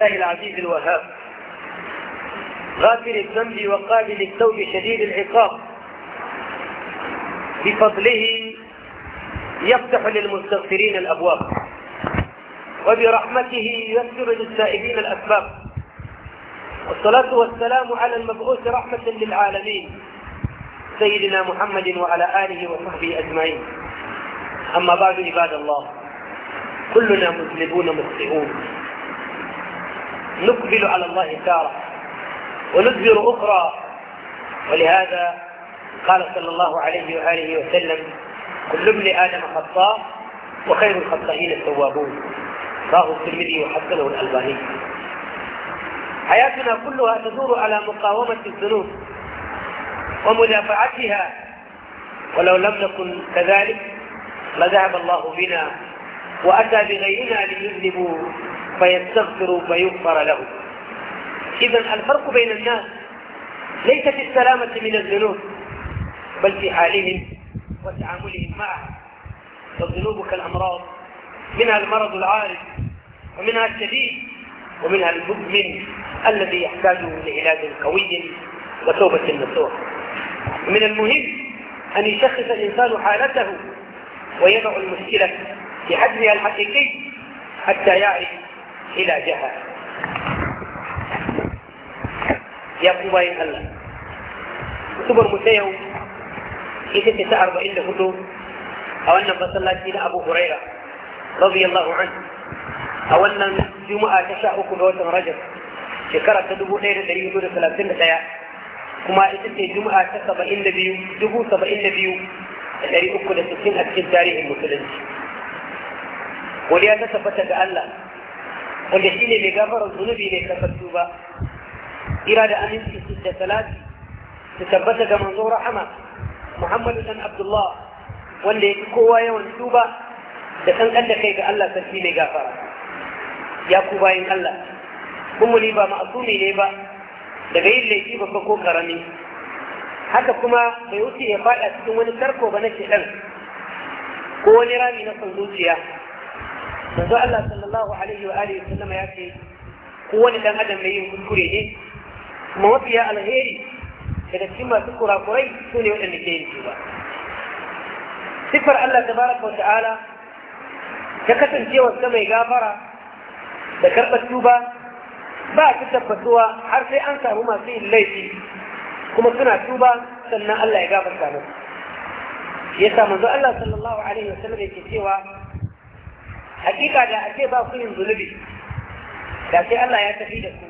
الله العزيز الوهاب غافر الذنب وقابل التوب شديد العقاب بفضله يفتح للمستغفرين الأبواب وبرحمته يسر للسائبين الأسباب والصلاة والسلام على المبعوث رحمة للعالمين سيدنا محمد وعلى آله وصحبه أجمعين أما بعد عباد الله كلنا مذنبون مخطئون نقبل على الله تارة وندبر أخرى ولهذا قال صلى الله عليه وآله وسلم كل ابن آدم خطاء وخير الخطائين التوابون راه الترمذي وحسنه الألباني حياتنا كلها تدور على مقاومة الذنوب ومدافعتها ولو لم نكن كذلك لذهب الله بنا وأتى بغيرنا ليذنبوا فيستغفر فيغفر له إذا الفرق بين الناس ليس في السلامة من الذنوب بل في حالهم وتعاملهم معها فالذنوب كالأمراض منها المرض العارض ومنها الشديد ومنها المؤمن الذي يحتاج لعلاج قوي وتوبة نصوح من المهم أن يشخص الإنسان حالته ويضع المشكلة في حجمها الحقيقي حتى يعرف إلى جهة يقوم بين الله ثم المسيو إذا تسأر بإلا إلا أو أن بصلاة إلى أبو هريرة رضي الله عنه أو أن جمعة تشاء كل وقت رجب شكرا تدبو خير دليل دون ثلاثين سياء كما إذا تسأر جمعة تسأر إلا بيو دبو سأر إلا بيو الذي أكل سسين أكل تاريخ المسلمين وليا تسبت بأن wanda shine mai gafara zunubi ne tabbattu ba kira da aminci su da salati su tabbata ga manzo rahama muhammadu dan abdullah wanda ya fi kowa yawan tuba da kankan da kai ga allah sarki mai gafara ya ku bayan allah kumuli ba ma'asumi ne ba daga yin laifi babba ko karami haka kuma bai wuce ya faɗa cikin wani tarko ba na shedan ko wani rami na son zuciya رضو الله صلى الله عليه وآله وسلم يأتي قوان إلى أدم ليه ونكره ما هو فيها الغير إذا كما تكرى قري سوني وانا الدين سوى سفر الله تبارك وتعالى كتن جيوة سمع غافرة ذكر بسوبة با كتب بسوى حرف أنت هما في الليل كما سنع توبا سنع الله يغافر كانت يسا منذ الله صلى الله عليه وسلم يكتب hakika da ake ba ku yin zunubi da sai Allah ya tafi da ku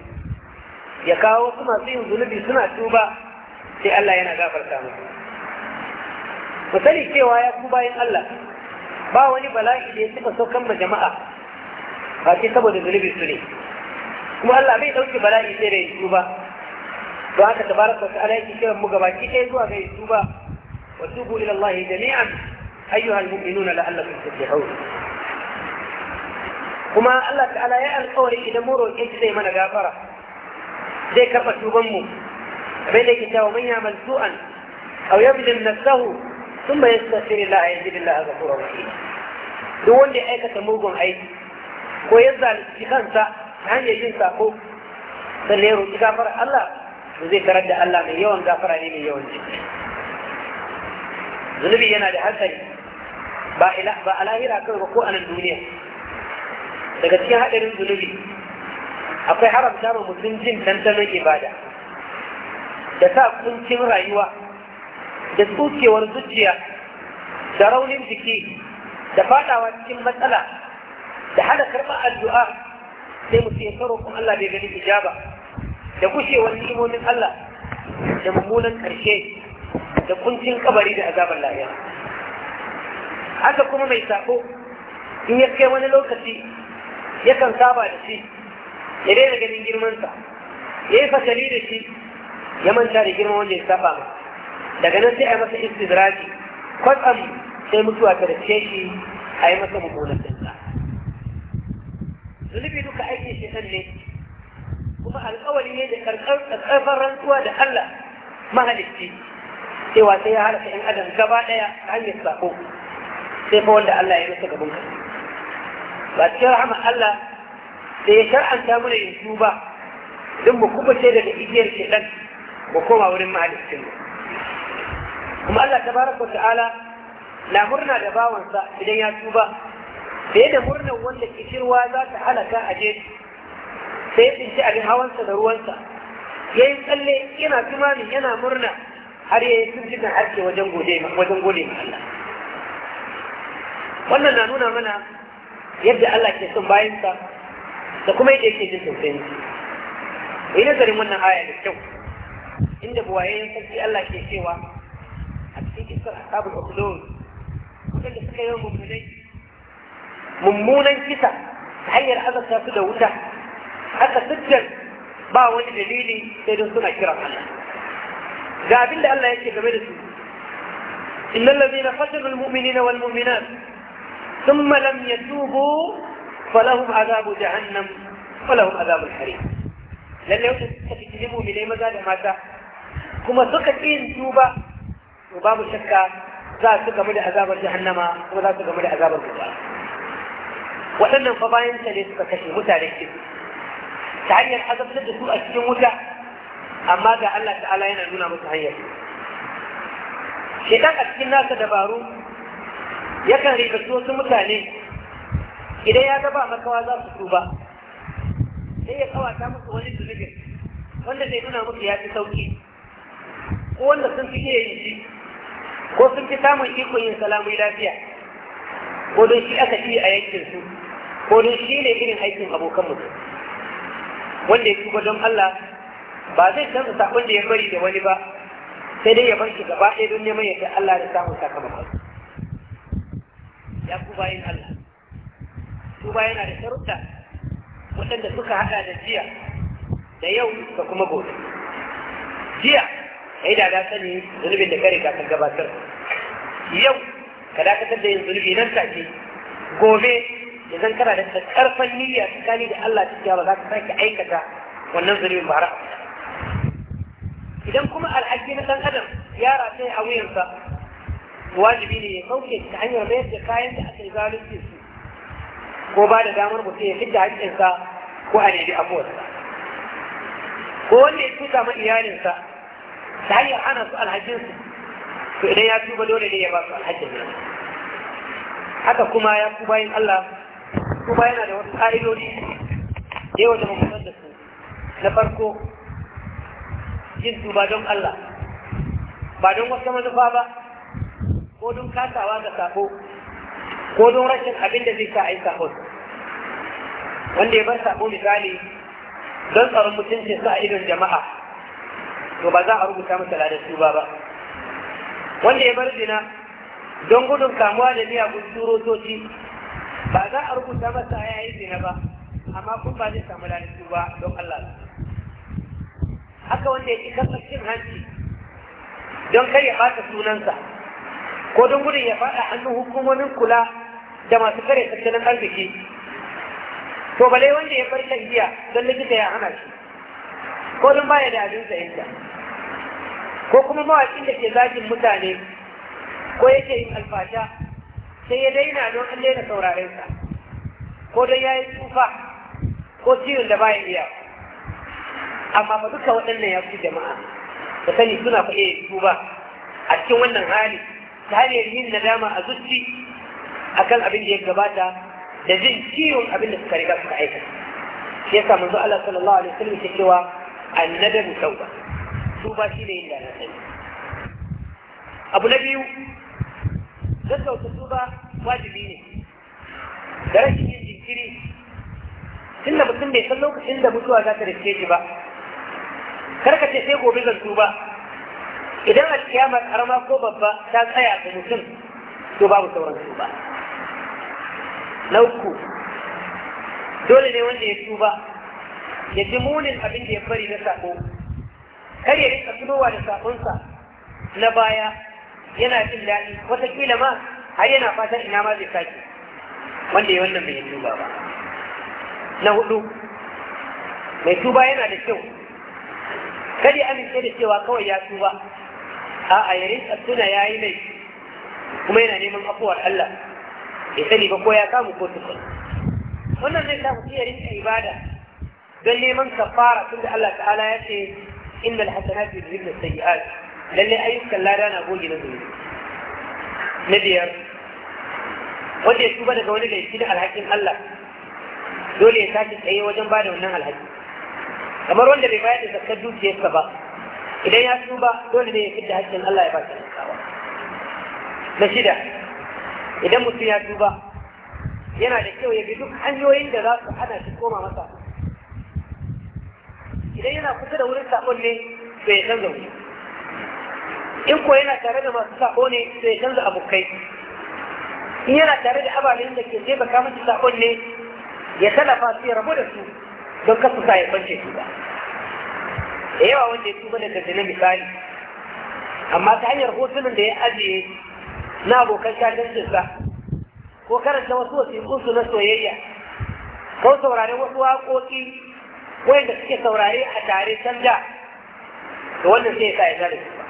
ya kawo su masu yin zunubi suna tuba sai Allah yana gafarta musu ku sani cewa ya ku bayan Allah ba wani bala'i da ya suka saukan ma jama'a ba ce saboda zunubi su ne kuma Allah bai dauki bala'i sai da ya tuba don haka tabaraka ta ala yake kiran mu gabaki ɗaya zuwa ga ya tuba wa tubu ila Allah jami'an ayyuhal mu'minuna la'allakum tuflihun كما الله تعالى يقول إذا مروا الحج زي من أقابرة زي كما تبنوا فإن كتاب من يعمل سوءا أو يبذل نفسه ثم يستغفر الله يجد الله غفورا رحيما دون دي أيكة مرقم أي ويظهر الاتخان ساء فهن يجين ساقو فليروا تقابر الله وزي ترد الله مليون غفر علي مليون جد ذنبي ينادي حسن با إلا با ألاهير أكبر وقوءنا الدنيا daga cikin haɗarin zunubi akwai haramta ma mutum jin dandanon ibada da sa kuncin rayuwa da tsukewar zuciya da raunin jiki da fadawa cikin matsala da hana karɓar addu'a sai mutum ya karo kun Allah bai gani ijaba da gushewar ni'imomin Allah da mummunan ƙarshe da kuncin kabari da azabar lafiya haka kuma mai sako in ya kai wani lokaci yakan saba da shi ya daina ganin girmansa ya yi fasali da shi ya manta da girman wanda ya saba ma daga nan sai a yi masa istidraji kwatsam sai mutuwa ta dace shi a yi masa mummunan dinsa zulubi duka aiki shi ne kuma alkawari ne da karkar rantsuwa da Allah mahalicci cewa sai ya halaka 'yan adam gaba ɗaya hanyar sako sai fa wanda Allah ya yi masa gaban kansa ba cikin rahama Allah da ya shar'anta mana in ba don mu kubace daga igiyar keɗan mu koma wurin mahalicin kuma Allah ta tabaraka ta'ala na murna da bawansa idan ya tuba da yadda murnar wanda kishirwa za ta halaka a je sai ya tsinci abin hawansa da ruwansa ya yi tsalle yana tumanin yana murna har ya yi tuntukan harke wajen gode ma Allah wannan na nuna mana yadda Allah ke son bayansa da kuma yadda yake jin tausayin su yi nazarin wannan aya da kyau inda buwayen sarki Allah ke cewa a cikin kisar asabul ukhdur wanda suka yi mummunai mummunan kisa ta hanyar azabta su da wuta haka sujjar ba wani dalili sai don suna kiran Allah ga abin da Allah yake game da su إن الذين قتلوا المؤمنين والمؤمنات ثم لم يتوبوا فلهم عذاب جهنم ولهم عذاب الحريم. لن يتجيبوا من اي مزال ماذا كما سكت اين توبة وباب الشكة لا سكة من عذاب جهنم ولا سكة من عذاب الجهنم وأن الفضائل تليس فتشي متى ليكتب تعني الحذف لدى سوء الشيء متى أما ذا الله تعالى ينعلونا متعيش شيطان أكتب الناس دبارون yakan su wasu mutane idan ya gaba makawa za su tuba sai ya kawata musu wani zunubin wanda zai nuna musu ya fi sauki ko wanda sun fi iya yin shi ko sun fi samun ikon yin salamun lafiya ko don shi aka fi a yankin su ko don shi ne irin aikin abokan mutum wanda ya tuba don Allah ba zai canza sakon da ya bari da wani ba sai dai ya bar shi gaba ɗaya don neman ya Allah da samun sakamakon ya ku bayin Allah tuba yana da sarauta waɗanda suka haɗa da jiya da yau da kuma gobe jiya ka yi da sani zunubin da kare ka gabatar yau ka dakatar da yin zunubi nan take gobe idan kana da karfan niyya tsakani da Allah ta ba za ka sake aikata wannan zunubin ba idan kuma alhaji na ɗan adam ya rataya a wuyansa wajibi ne ya sauke ta hanyar mayar da kayan da aka yi zalunci su ko ba da damar mutum ya fidda haƙƙinsa ko a nemi abuwarsa ko wanda ya tuta ma iyalinsa ta hanyar ana su alhajinsu to idan ya tuba dole ne ya ba su alhajin nan haka kuma ya ku bayan Allah kuma yana da wasu ƙa'idodi da yawa da mummunan da su na farko yin tuba don Allah ba don wasu manufa ba ko don kasawa ga sako ko don rashin abin da zai sa a yi sako wanda ya bar sako misali don tsaron mutuncin sa idon jama'a to ba za a rubuta masa ladar tuba ba wanda ya bar zina don gudun kamuwa da miyagun surotoci ba za a rubuta masa ya yi zina ba amma kun ba zai samu ladar ba don Allah haka wanda ya ƙi kasar cin hanci don kai ya ɓata sunansa ko don gudun ya faɗa hannun hukumomin kula da masu kare tattalin arziki to bale wanda ya bar shan don likita ya hana shi ko don baya da abin sayinta ko kuma mawaƙin da ke zagin mutane ko yake yin alfasha sai ya daina don an daina saurarensa ko don ya yi tsufa ko ciwon da baya iya amma ba duka waɗannan ya fi jama'a da sani suna faɗe tuba a cikin wannan hali هل يمين نداما أزوتي أكل أبن دي الجبادة دزين كيون أبن السكاريكات كعيكا كيسا منذ الله صلى الله عليه وسلم تكوى الندم توبة توبة شيني إلا نسل أبو نبي زدت وتتوبة واجبيني درجة من جنكيري سنة بسنة يصلوك سنة بسوها ذات الاسكيجي بقى كركة تسيقه بيزا التوبة idan alkiyama karama ko babba ta tsaya ga mutum to babu sauran tuba na uku dole ne wanda ya tuba ya ji munin abin da ya bari na sako kar ya rika tunowa da sakonsa na baya yana jin daɗi watakila ma har yana fatan ina ma zai sake wanda ya wannan bai tuba ba na hudu mai tuba yana da kyau kada ya amince da cewa kawai ya tuba a'a ya rinka tuna ya yi mai kuma yana neman afuwar Allah ya sani ba ko ya kamu ko tukun wannan zai sa mutum ya rinka ibada don neman kafara tunda Allah ta'ala ya ce inna alhasanatu yudhibna sayyi'at lalle ayyukan lada na goge na zunubi na biyar wanda ya tuba daga wani laifi na alhakin Allah dole ya tashi tsaye wajen ba da wannan alhaki kamar wanda bai bayar da zakar dukiyarsa ba idan ya tuba dole ne ya fi da hakkin Allah ya ba shi na shida idan mutum ya tuba yana da kyau ya bi duk hanyoyin da za su hana shi koma masa idan yana kusa da wurin sabon ne to ya canza wuri in ko yana tare da masu saƙo ne to ya canza abokai in yana tare da ababen da ke jefa kamar sabon ne ya talafa su ya rabu da su don kasu sa ya kwance su ba da yawa wanda ya tuba daga zina misali amma ta hanyar hotunan da ya ajiye na abokan shagancinsa ko karanta wasu wasiƙunsu na soyayya ko saurari wasu waƙoƙi wanda suke saurari a tare can da da wannan sai ya sa ya su ba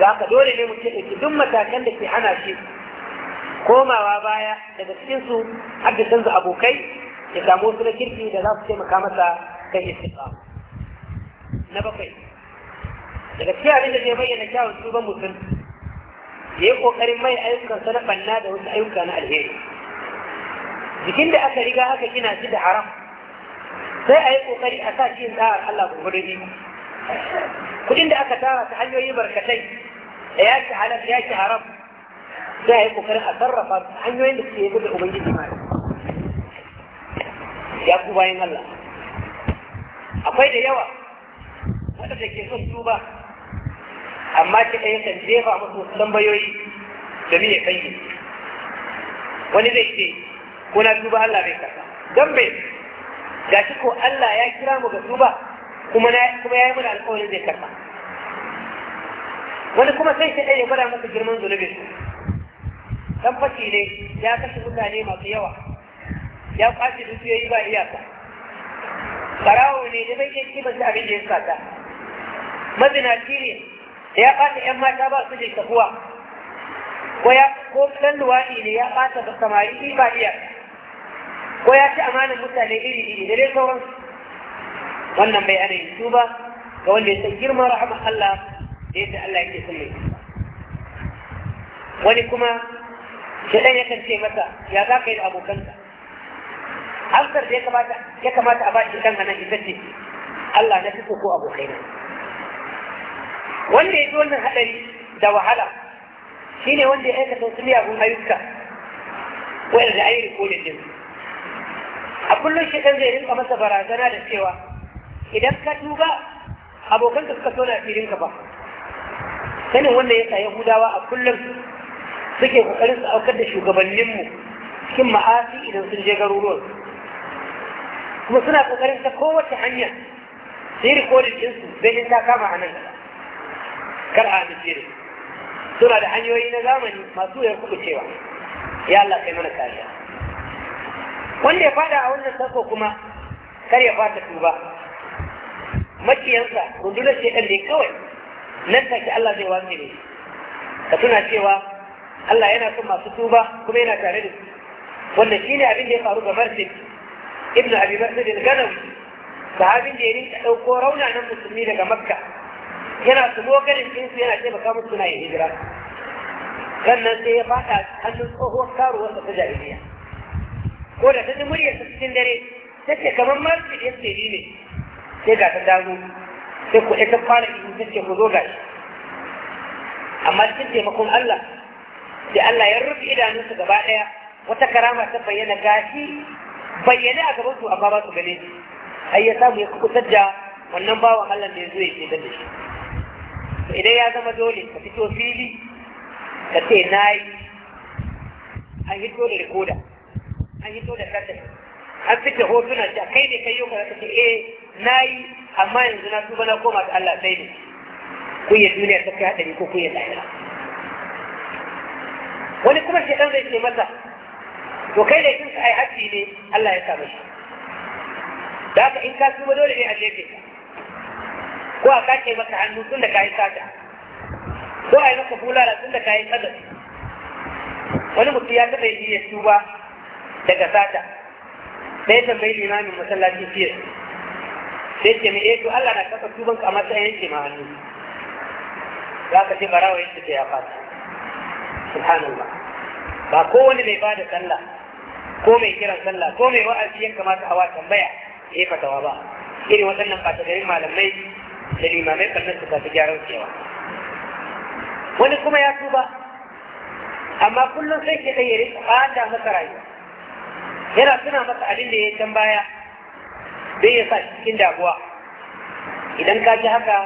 ga aka dole ne mutum ke duk matakan da ke hana shi komawa baya daga cikinsu har da canza abokai ya samu wasu na kirki da za su taimaka masa kan istiqama na bakwai daga cikin abin da zai bayyana kyawun tuban mutum ya yi kokarin mai ayyukansa na banna da wasu ayyuka na alheri jikin da aka riga aka gina shi da haram sai a yi kokari a sa shi tsawar Allah gurgurin iko kudin da aka tara ta hanyoyi barkatai da ya ci halar ya ci haram sai a yi kokarin a sarrafa hanyoyin da suke yi da ubangiji ma ya ku bayan Allah akwai da yawa waɗanda ke son tuba amma ke ɗaya kan jefa masu tambayoyi da miye kanyi wani zai ce ko na tuba Allah bai kasa. don bai ga shi ko Allah ya kira mu ga tuba kuma ya yi mana alƙawarin zai karɓa wani kuma sai shi ɗaya gwada musu girman su dan fashi ne ya kashe mutane masu yawa ya kwashe dukiyoyi ba iyaka barawo ne da bai iya kimanta abin da ya sata mazinaci ne ya ɓata 'yan mata ba su je tafuwa ko ya ko ɗan luwaɗi ne ya ɓata ba samari ibadiya ko ya ci amanin mutane iri iri da dai sauransu wannan bai ana yin tuba ga wanda ya san girma rahama Allah da yadda Allah yake son mai wani kuma shaɗan yakan ce masa ya za ka yi da abokanka amsar da ya kamata a ba shi ɗan a nan ita ce Allah na fito ko abokaina wanda ya fi wannan haɗari da wahala shi ne wanda ya aikata wasu miyagun ayyuka da ayi ko din a kullum shi ɗan zai rinka masa barazana da cewa idan ka duba abokan suka tona filin ka ba sanin wanda ya sa yahudawa a kullum suke kokarin su aukar da shugabanninmu cikin ma'asi idan sun je garuruwan kuma suna kokarin ta kowace hanya su yi rikodin ɗinsu zai ta kama a nan gaba kar a amince da suna da hanyoyi na zamani masu yar kuɓu cewa ya Allah kai mana kariya wanda ya fada a wannan sako kuma kar ya fata tuba makiyansa rundunar shekar ne kawai nan take Allah zai wasu ne ka tuna cewa Allah yana son masu tuba kuma yana tare da su wanda shi ne abin da ya faru ga Martin ibn Abi Bakr al-Ganawi sahabin da ya rinka ɗauko raunanan musulmi daga Makka yana su lokacin jinsu yana taimaka musu na yin hijira sannan sai ya fata hannun tsohuwar karuwar ta jahiliya ko da ta ji muryar ta cikin dare ta ce kamar ma da yake ne sai ga ta dazu sai ku ta fara ihu ta ce ku zo gashi amma cikin taimakon Allah sai Allah ya rufe idanunsu gaba ɗaya wata karama ta bayyana gashi bayyana a gaban amma ba su gane Ayyata ai ya samu ya kukutar da wannan bawan Allah da ya zo ya ke da shi To idan ya zama dole ka fito fili ka ce na yi an hito da rikoda an hito da kasar an fita hotuna ta kai ne kai yau ka ce eh na yi amma yanzu na tuba na koma ga Allah sai ne kunye duniya ta kai hadari ko kunya lahira wani kuma ɗan zai ce masa to kai da kinka ai haƙƙi ne Allah ya sami, shi da haka in ka tuba dole ne a jefe ka ko a kace maka hannu tun da ka yi sata ko a yi maka bulala tun da ka yi kadar wani mutum ya taɓa yi ya tuba daga sata sai tambayi limamin masallacin fiye sai ce mai eto eh, Allah na kafa tuban a matsayin yanke ma hannu za ka ce barawa yanke ta ya fata subhanallah ba kowane mai bada sallah ko mai kiran sallah ko mai wa'azi yanka mata hawa tambaya ya fatawa ba irin waɗannan ba ta garin malamai da limamai sannan su tafi gyaran cewa wani kuma ya tuba amma kullum sai ke ɗaya ɓata masa rayuwa yana suna masa abin da ya can baya zai ya sa cikin damuwa idan ka ji haka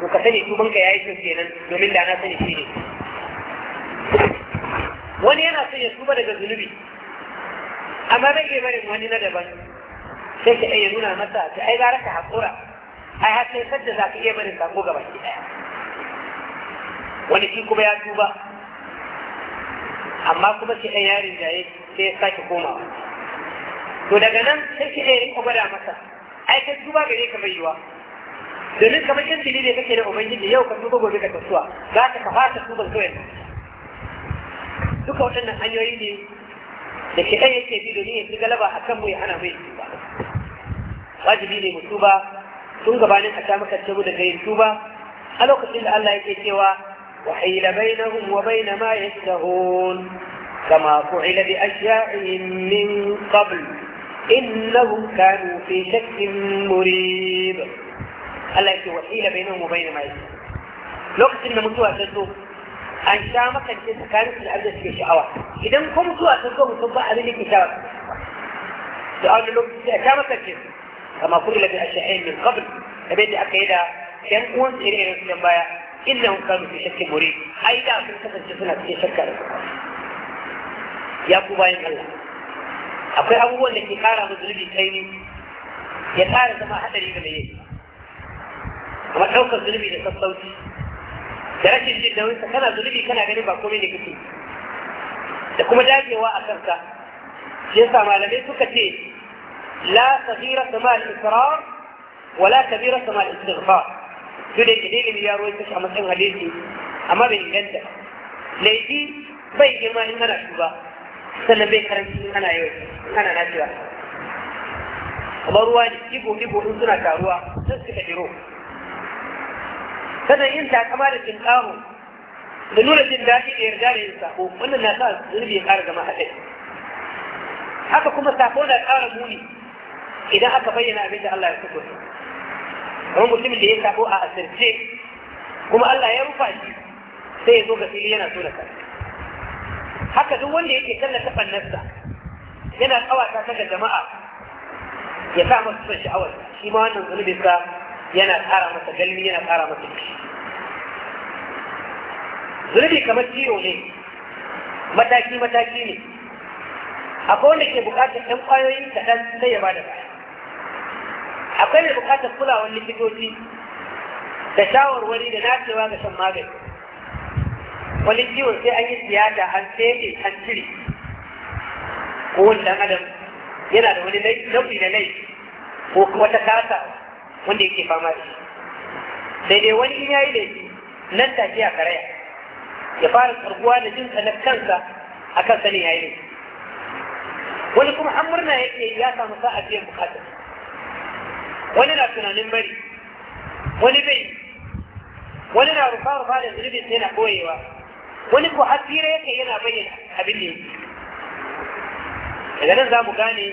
to ka sani tubanka ya yi kyau kenan domin da na sani shi ne wani yana son ya tuba daga zunubi amma bai iya barin wani na daban sai ka ɗaya nuna masa ta ai gara ka haƙura ai har sai sadda za ka iya barin sako gaba ki daya wani shi kuma ya tuba amma kuma shi ɗan yarin jaye sai ya sake komawa to daga nan sai ki ɗaya rinka gwada masa ai ka tuba gare ka bai yiwa domin kamar yan ne kake da ubangiji yau ka tuba gobe ka tasuwa za ka ka fata tuban kawai duka waɗannan hanyoyi ne da ke ɗan yake bi domin ya fi galaba a kan mu ya hana mai tuba wajibi ne mu tuba tun gabanin a ta maka tabu daga kai tuba a lokacin da Allah yake cewa wa hila bainahum wa bain ma yastahun kama fu'ila bi ashya'in min qabl innahum kanu fi shakkin murib Allah yake wa bainahum wa bain ma yastahun lokacin da mutuwa ta zo an sha ce tsakanin da abin da suke sha'awa idan ko mutuwa ta zo mutum ba abin da ke sha'awa to a wani lokaci a sha makance كما قلت الأشياء من قبل لابد أكيدا كان أنت إليه الجنبايا إنهم كانوا في شك مريد أيضا في السفر جسنا في شك يا أبو باين الله أقول أول لك يقال مدرب التين يقال زما حتى لي بلي أما توقف مدرب إلى الصوت درجة جدا وإنت كان مدرب كان عليه بقومي نكتي لكم جاء جواء أكرك جنسا ما لم يسكتي لا صغيرة مع الإصرار ولا كبيرة مع الاستغفار جدي جدي لي يا رويت شو عم تسمع ليه دي أما بين جنتا ليدي بيجي ما إنما نشوفه سنة بيكرن سنة أنا يوسف أنا نشوفه وبروا يجيبوا يجيبوا إنسنا كاروا نسك كبيرو كذا ينسى كمال الإنسان لنور الدنيا في إرجال الإنسان وأن الناس اللي بيقارن ما حد حتى كم تعبون الأرض مولي إذا أكا بينا أبدا الله يكفر هم مسلم اللي يكفوا أأسر فيه وما الله يرفع سيزوغ في لينا سولة حكا دول اللي يكلا سفا النفسة لنا القوى كانت الجماعة يفهم السفا الشعور شما أنه نظلم بسا ينا تارا متجلم ينا تارا متجلم zulubi kamar ciro ne mataki-mataki ne akwai wanda ke bukatar ɗan ƙwayoyin kaɗan sai ya ba da baya akwai mai bukatar kulawar likitoci da shawarwari da nacewa ga shan magani wani ciwon sai an yi tiyata an tsere an cire kowane ɗan adam yana da wani nau'i na nai ko wata kasa wanda yake fama da shi sai dai wani in yayi laifi nan take a karaya ya fara karguwa da jinsa na kansa a kan sanin yayi laifi wani kuma an murna yake ya samu sa'a biyan bukatar wani na tunanin bari wani bai wani na rufa rufa da zunubin sai na koyewa wani ko hasira yake yana bayyana abin da yake daga nan za mu gane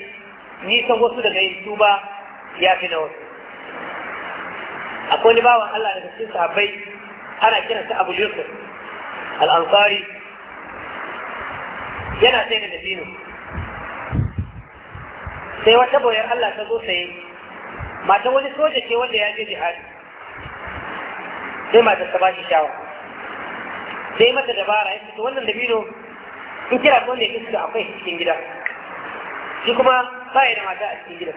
nisan wasu daga yin tuba ya fi na wasu akwai wani bawan Allah daga cikin sahabbai ana kiransa Abu Yusuf al-Ansari yana sai da dabino sai wata boyar Allah ta zo sai matan wani soja ce wanda ya je jihadi sai mata ta bashi shawa sai mata dabara ya fito wannan dabino in kira ko ne kisa akwai cikin gida shi kuma ba ya da mata a cikin gida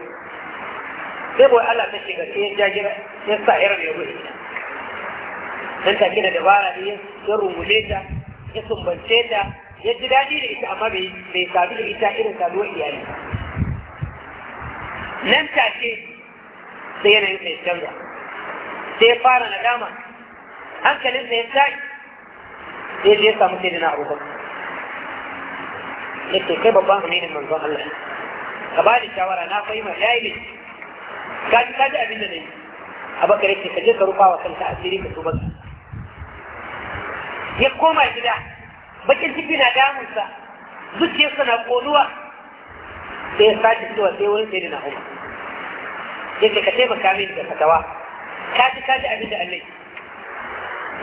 sai bai Allah ta shiga sai ya gida ya sa irin ya gudu dan take da dabara ne ya rungule ta ya sumbance ta ya ji daɗi da ita amma bai sadu da ita irin saduwar iyali nan take sai yanayin ya canza sai ya fara nadama hankalin sai ya tashi sai ya samu sai na abubakar yake kai babban aminin manzon Allah ka ba da shawara na fahimta ya yi ka ji ka ji abin da na yi baka yake ka je ka rufa wa kanka asiri ka tuba ya koma gida bakin ciki na damunsa zuciyarsa na konuwa sai ya sace cewa sai wurin sai na umar yadda ka taimaka min da fatawa ka ji ka ji abin da Allah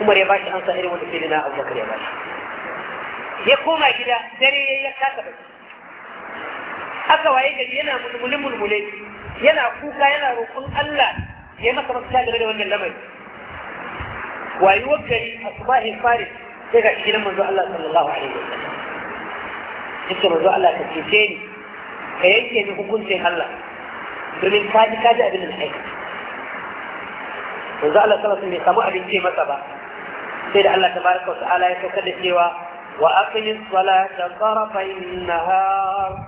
Umar ya bashi an sa irin wanda sai na Abubakar ya bashi ya koma gida dare yayi ya kasa bacci aka waye gari yana mulmule mulmule yana kuka yana roƙon Allah ya masa mafita game da wannan lamari wayuwar gari a subahin faris sai ga gidan manzo Allah sallallahu alaihi wasallam yake manzo Allah ka cece ni ka yanke ni hukuncin Allah من كاد كاد ابن الحي وزعل ثلاث من سمع بنتي مطبع سيد الله تبارك وتعالى يتكد سوى وأقم الصلاة طرفا النهار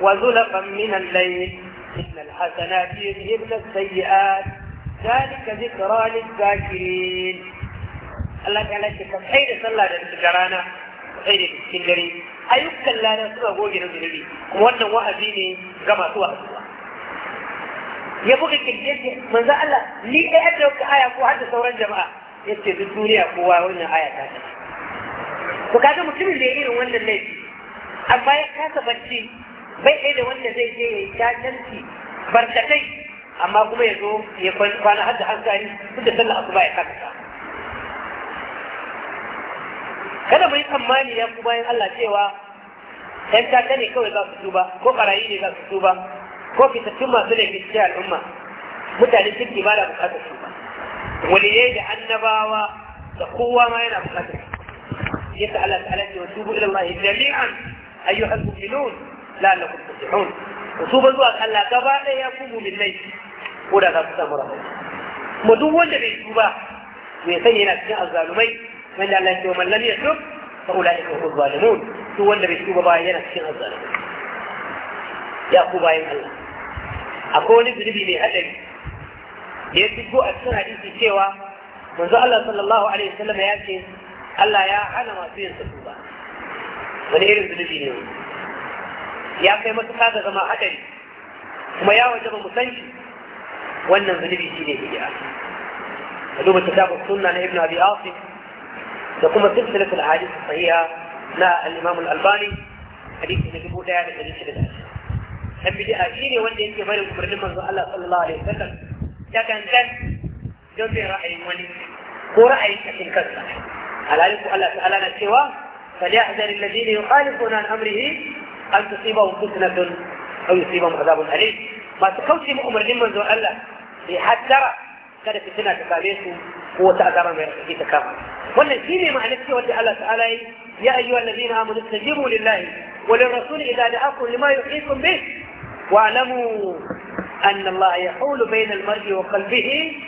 وزلفا من الليل إن الحسنات يذهبن السيئات ذلك ذكرى للذاكرين الله تعالى يتكد حين صلى الله عليه وسلم حين السندري أيك الله نسوى قوة نزل بي وأنه وأبيني كما سوى أسوى ya buga kirje manzo Allah ni ɗaya da wata aya ko har da sauran jama'a yace duk duniya kowa wannan aya ta ta to kaga mutumin da ya irin wannan laifi amma ya kasa bacci bai ɗaya da wanda zai je ya yi tashanci barkatai amma kuma ya zo ya kwana har da hankali duk da sallah asuba ya kasa kada mu yi tsammani ya ku bayan Allah cewa ‘yan tata ne kawai za su tuba ko ɓarayi ne za su tuba ko fitattun masu laifi cikin al'umma mutane kirki ba da bukatar su ba waliyai da annabawa da kowa ma yana bukatar su yasa Allah ta'ala ce wa tubu ila Allah jami'an ayyuhal mu'minun la'allakum tuflihun ku tuba zuwa ga Allah gaba ɗaya ya ku mu'minai ko da za ku samu rahama kuma duk wanda bai tuba bai san yana cikin azzalumai wanda Allah ya ce wa man lam yatub fa ulaika hum zalimun duk wanda bai tuba ba yana cikin azzalumai ya ku bayan Allah akwai wani zunubi mai haɗari da ya fito a cikin hadisi cewa manzo Allah sallallahu alaihi wasallam ya ce Allah ya hana masu yin ba. wani irin zunubi ne ya kai matuƙa ga zama haɗari kuma ya waje ba mu san shi wannan zunubi shi ne bid'a ka duba kitabun sunna na ibnu abi asif da kuma silsilatul hadith sahiha na al-imam al-albani hadisi na dubu ɗaya da ɗari shida da dan bid'a shine wanda yake bari umarnin manzo Allah sallallahu alaihi wasallam ya gangan don bin ra'ayin wani ko ra'ayin cikin kansa alhali ko Allah ta'ala na cewa فليحذر الذين يخالفون عن امره ان تصيبهم فتنه او يصيبهم عذاب اليم ما تكوشي umarnin manzo Allah bai haddara kada fitina ta same su ko wata azaba mai rafi ta kama wannan shine ma'anar cewa da Allah ta'ala yi ya ayyuhal ladina amanu istajibu lillahi wa lirrasuli idza da'akum lima yuhyikum bih واعلموا أن الله يحول بين المرء وقلبه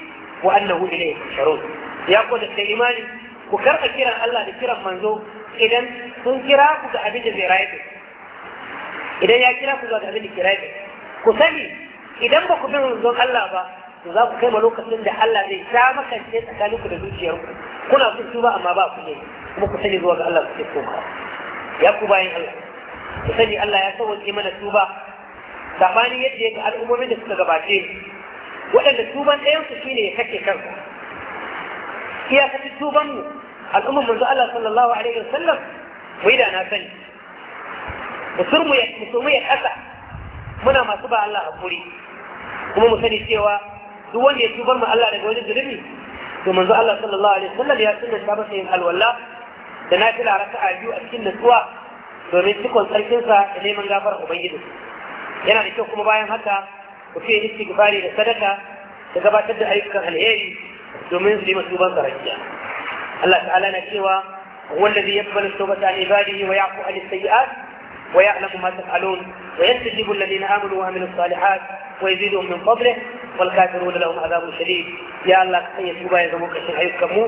وأنه إليه تشعرون يقول السليماني وكرق كرا الله لكرا منذوب اذا من كرا كنت في رايبه اذا يا كرا كنت أبيت في رايبه كسامي اذا بكو بين منذوب الله با وذاك كما لو كان ده الله زي كما كان شيء يوم كنا في السوبة أما با كنين وكو سني ذوك الله كتبتوك يا كوباين الله كسامي الله يسوى الإيمان السوبة sabanin yadda yake al'ummomin da suka gabace waɗanda tuban ɗayansu su shine ya kake kansa iyakacin tuban mu al'ummar manzo Allah sallallahu alaihi sallam mu yi da na sani musurmu ya musurmu ya kasa muna masu ba Allah hakuri kuma mu sani cewa duk wanda ya tubar mu Allah daga wani zulubi to manzo Allah sallallahu alaihi sallam ya sunna ta masa yin alwala da na nafila raka'a biyu a cikin nutsuwa domin cikon tsarkinsa da neman gafarar ubangiji yana da kyau kuma bayan haka ku ce istighfari da sadaka da gabatar da ayyukan alheri domin su yi masu ban sarakiya Allah ta'ala na cewa wallazi yaqbalu tawbata an ibadihi wa ya'fu an sayyi'at wa ya'lamu ma taf'alun wa yantajibu alladhina amanu wa amilus salihat wa yazidu min fadlihi wal kafiruna lahum adhabun shadid ya Allah ka sanya tuba ya zama kashin ayyukan mu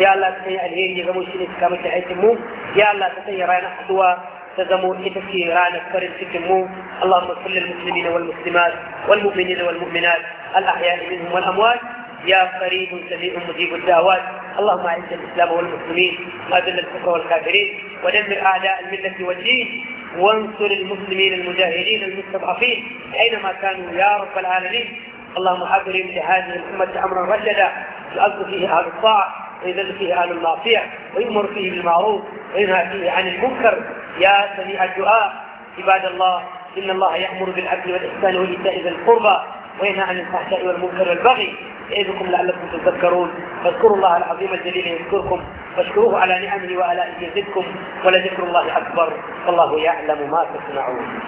ya Allah ka sanya alheri ya zama shi ne kamar aikin mu ya Allah ka sanya ranar haduwa تزموا إتسيران إيه فرن تتموا اللهم صل للمسلمين والمسلمات والمؤمنين والمؤمنات الأحياء منهم والأموات يا قريب سميع مجيب الدعوات اللهم اعز الاسلام والمسلمين واذل الكفر والكافرين ودمر اعداء المله والدين وانصر المسلمين المجاهدين المستضعفين اينما كانوا يا رب العالمين اللهم اكرم لهذه الامه امرا رشدا يؤذ فيه اهل الطاعه ويذل فيه اهل المعصيه ويؤمر فيه بالمعروف وينهى فيه عن المنكر يا سميع الدعاء عباد الله إن الله يأمر بالعدل والإحسان وإيتاء ذي القربى وينهى عن الفحشاء والمنكر والبغي يعظكم لعلكم تذكرون فاذكروا الله العظيم الجليل يذكركم واشكروه على نعمه وآلائه يزدكم ولذكر الله أكبر والله يعلم ما تصنعون